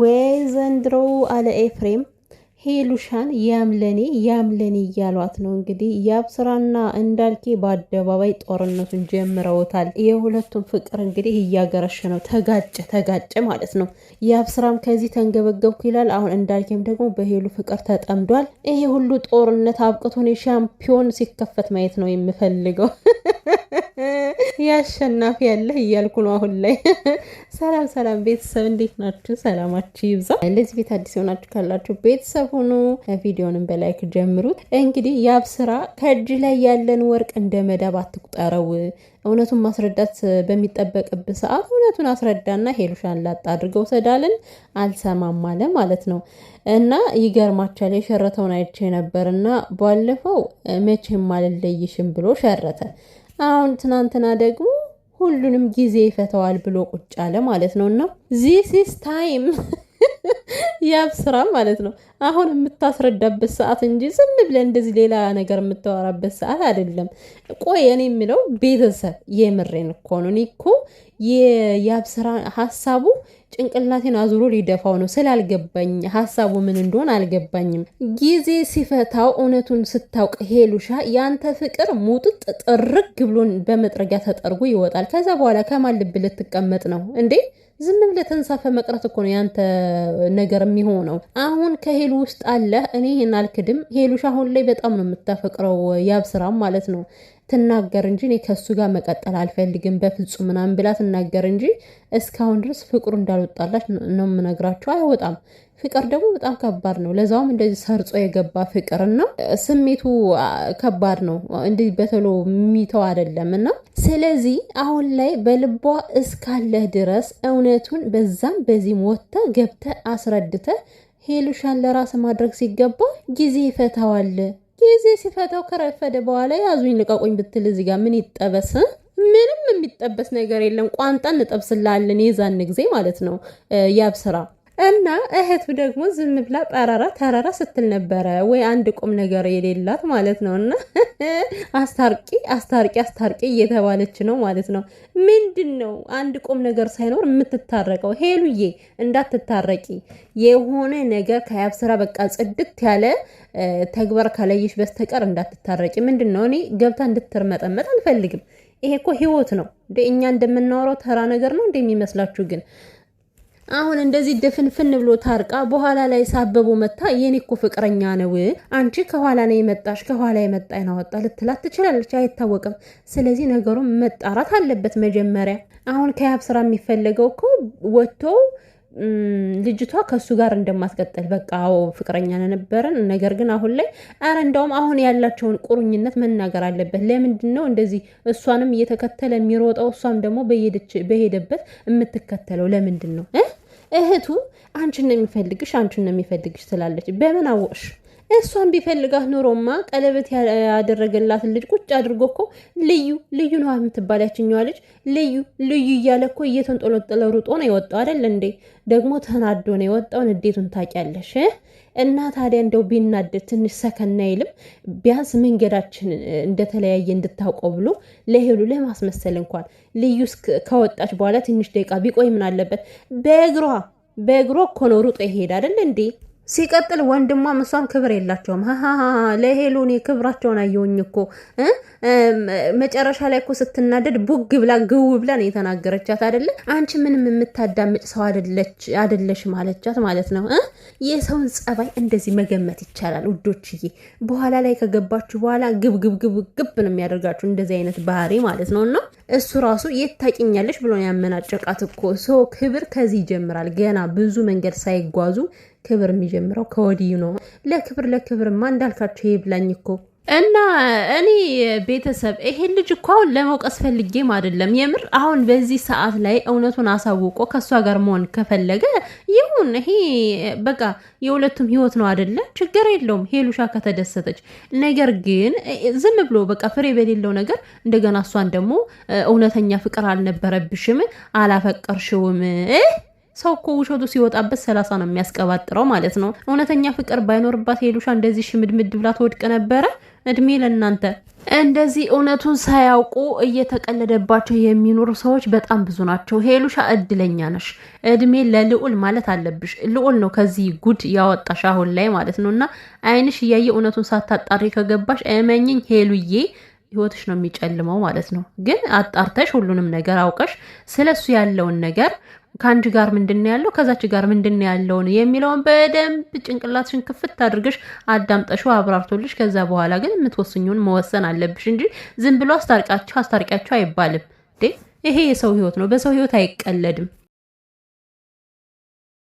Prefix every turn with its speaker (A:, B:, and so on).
A: ወይ ዘንድሮ አለ ኤፍሬም። ሄሉሻን ያምለኔ ያምለኔ እያሏት ነው እንግዲህ። ያብስራና እንዳልኬ በአደባባይ ጦርነቱን ጀምረውታል። የሁለቱም ፍቅር እንግዲህ እያገረሸ ነው። ተጋጨ ተጋጨ ማለት ነው። ያብስራም ከዚህ ተንገበገብኩ ይላል። አሁን እንዳልኬም ደግሞ በሄሉ ፍቅር ተጠምዷል። ይሄ ሁሉ ጦርነት አብቅቶን የሻምፒዮን ሲከፈት ማየት ነው የምፈልገው። ያሸናፊ ያለህ እያልኩ ነው አሁን ላይ። ሰላም ሰላም ቤተሰብ እንዴት ናችሁ? ሰላማችሁ ይብዛ። እንደዚህ ቤት አዲስ የሆናችሁ ካላችሁ ቤተሰብ ሁኑ። ቪዲዮንም በላይክ ጀምሩት። እንግዲህ ያብ ስራ ከእጅ ላይ ያለን ወርቅ እንደ መዳብ አትቁጠረው። እውነቱን ማስረዳት በሚጠበቅብ ሰዓት እውነቱን አስረዳና ሄሉሻን ላጣ አድርገው ሰዳልን አልሰማም አለ ማለት ነው። እና ይገርማቻል የሸረተውን አይቼ ነበር እና ባለፈው መቼም አልለይሽም ብሎ ሸረተ አሁን ትናንትና ደግሞ ሁሉንም ጊዜ ይፈተዋል ብሎ ቁጭ አለ ማለት ነው። እና ዚስ ኢስ ታይም ያብ ስራ ማለት ነው። አሁን የምታስረዳበት ሰዓት እንጂ ዝም ብለን እንደዚህ ሌላ ነገር የምታወራበት ሰዓት አይደለም። ቆይ እኔ የሚለው ቤተሰብ የምሬን እኮ ነው። እኔ እኮ የያብ ስራ ሀሳቡ ጭንቅላቴን አዙሮ ሊደፋው ነው። ስላልገባኝ ሀሳቡ ምን እንደሆን አልገባኝም። ጊዜ ሲፈታው እውነቱን ስታውቅ ሄሉሻ፣ ያንተ ፍቅር ሙጥጥ ጥርግ ብሎን በመጥረጊያ ተጠርጎ ይወጣል። ከዛ በኋላ ከማን ልብ ልትቀመጥ ነው እንዴ? ዝም ብለህ ተንሳፈ መቅረት እኮ ነው ያንተ ነገር የሚሆነው። አሁን ከሄሉ ውስጥ አለ። እኔ ይህን አልክድም። ሄሉሻ አሁን ላይ በጣም ነው የምታፈቅረው፣ ያብስራም ማለት ነው ትናገር እንጂ እኔ ከእሱ ጋር መቀጠል አልፈልግም በፍጹም ምናምን ብላ ትናገር እንጂ እስካሁን ድረስ ፍቅሩ እንዳልወጣላች ነው የምነግራቸው። አይወጣም። ፍቅር ደግሞ በጣም ከባድ ነው። ለዛውም እንደዚህ ሰርጾ የገባ ፍቅር እና ስሜቱ ከባድ ነው። እንዲህ በተሎ የሚተው አይደለም እና ስለዚህ አሁን ላይ በልቧ እስካለህ ድረስ እውነቱን በዛም በዚህም ወጥተህ ገብተ አስረድተ ሄሉሻን ለራስ ማድረግ ሲገባ ጊዜ ይፈታዋል። ጊዜ ሲፈታው ከረፈደ በኋላ ያዙኝ ልቀቁኝ ብትል እዚህ ጋር ምን ይጠበስ? ምንም የሚጠበስ ነገር የለም። ቋንጣ እንጠብስላለን የዛን ጊዜ ማለት ነው ያብስራ እና እህቱ ደግሞ ዝም ብላ ጠራራ ተራራ ስትል ነበረ። ወይ አንድ ቁም ነገር የሌላት ማለት ነው። እና አስታርቂ አስታርቂ አስታርቂ እየተባለች ነው ማለት ነው። ምንድን ነው አንድ ቁም ነገር ሳይኖር የምትታረቀው? ሄሉዬ እንዳትታረቂ የሆነ ነገር ከያብስራ በቃ ጽድት ያለ ተግባር ከለይሽ በስተቀር እንዳትታረቂ። ምንድን ነው እኔ ገብታ እንድትርመጠመጥ አልፈልግም። ይሄ እኮ ህይወት ነው። እኛ እንደምናወራው ተራ ነገር ነው እንደሚመስላችሁ ግን አሁን እንደዚህ ድፍንፍን ብሎ ታርቃ በኋላ ላይ ሳበቡ መታ የኔ እኮ ፍቅረኛ ነው አንቺ ከኋላ ነው የመጣሽ ከኋላ የመጣ ይናወጣ ልትላት ትችላለች፣ አይታወቅም። ስለዚህ ነገሩን መጣራት አለበት መጀመሪያ። አሁን ከያብ ስራ የሚፈለገው እኮ ወጥቶ ልጅቷ ከእሱ ጋር እንደማትቀጥል በቃ አዎ ፍቅረኛ ነበረን፣ ነገር ግን አሁን ላይ አረ እንዳውም አሁን ያላቸውን ቁርኝነት መናገር አለበት። ለምንድን ነው እንደዚህ እሷንም እየተከተለ የሚሮጠው? እሷም ደግሞ በሄደበት የምትከተለው ለምንድን ነው? እህቱ አንቺን ነው የሚፈልግሽ አንቺን ነው የሚፈልግሽ ትላለች። በምን አወቅሽ? እሷን ቢፈልጋት ኖሮማ ቀለበት ያደረገላትን ልጅ ቁጭ አድርጎ እኮ ልዩ ልዩ ነው የምትባል ያችኛዋ ልጅ ልዩ ልዩ እያለ እኮ እየተንጠለጠለ ሩጦ ነው የወጣው አይደል እንዴ? ደግሞ ተናዶ ነው የወጣው። እዴቱን ታውቂያለሽ። እና ታዲያ እንደው ቢናደድ ትንሽ ሰከና አይልም? ቢያንስ መንገዳችን እንደተለያየ እንድታውቀው ብሎ ለሄሉ ለማስመሰል እንኳን ልዩ ከወጣች በኋላ ትንሽ ደቂቃ ቢቆይ ምን አለበት? በእግሯ በእግሯ እኮ ነው ሩጦ ይሄድ አይደል እንዴ? ሲቀጥል ወንድሟም እሷም ክብር የላቸውም። ለሄሉ እኔ ክብራቸውን አየውኝ እኮ መጨረሻ ላይ እኮ ስትናደድ ቡግ ብላ ግው ብላ ነው የተናገረቻት አደለ? አንቺ ምንም የምታዳምጭ ሰው አደለሽ ማለቻት ማለት ነው። የሰውን ጸባይ እንደዚህ መገመት ይቻላል ውዶችዬ። በኋላ ላይ ከገባችሁ በኋላ ግብ ግብ ነው የሚያደርጋችሁ እንደዚህ አይነት ባህሪ ማለት ነው። እና እሱ ራሱ የት ታቂኛለሽ ብሎ ያመናጨቃት እኮ ሰው ክብር ከዚህ ይጀምራል። ገና ብዙ መንገድ ሳይጓዙ ክብር የሚጀምረው ከወዲሁ ነው። ለክብር ለክብርማ እንዳልካቸው ይብላኝ እኮ እና እኔ ቤተሰብ ይሄን ልጅ እኮ አሁን ለመውቀስ ፈልጌም አይደለም። የምር አሁን በዚህ ሰዓት ላይ እውነቱን አሳውቆ ከእሷ ጋር መሆን ከፈለገ ይሁን። ይሄ በቃ የሁለቱም ህይወት ነው አይደለ? ችግር የለውም ሄሉሻ ከተደሰተች። ነገር ግን ዝም ብሎ በቃ ፍሬ በሌለው ነገር እንደገና እሷን ደግሞ እውነተኛ ፍቅር አልነበረብሽም፣ አላፈቀርሽውም ሰው እኮ ውሸቱ ሲወጣበት ሰላሳ ነው የሚያስቀባጥረው ማለት ነው። እውነተኛ ፍቅር ባይኖርባት ሄሉሻ እንደዚህ ሽምድምድ ብላ ትወድቅ ነበረ። እድሜ ለእናንተ። እንደዚህ እውነቱን ሳያውቁ እየተቀለደባቸው የሚኖሩ ሰዎች በጣም ብዙ ናቸው። ሄሉሻ እድለኛ ነሽ። እድሜ ለልዑል ማለት አለብሽ። ልዑል ነው ከዚህ ጉድ ያወጣሽ አሁን ላይ ማለት ነው። እና አይንሽ እያየ እውነቱን ሳታጣሪ ከገባሽ እመኝኝ ሄሉዬ ህይወትሽ ነው የሚጨልመው ማለት ነው። ግን አጣርተሽ ሁሉንም ነገር አውቀሽ ስለሱ ያለውን ነገር ከአንቺ ጋር ምንድን ያለው ከዛች ጋር ምንድን ነው ያለውን የሚለውን በደንብ ጭንቅላትሽን ክፍት አድርገሽ አዳምጠሹ አብራርቶልሽ ከዛ በኋላ ግን የምትወስኙን መወሰን አለብሽ እንጂ ዝም ብሎ አስታርቂያቸው አስታርቂያቸው አይባልም። ይሄ የሰው ህይወት ነው። በሰው ህይወት አይቀለድም።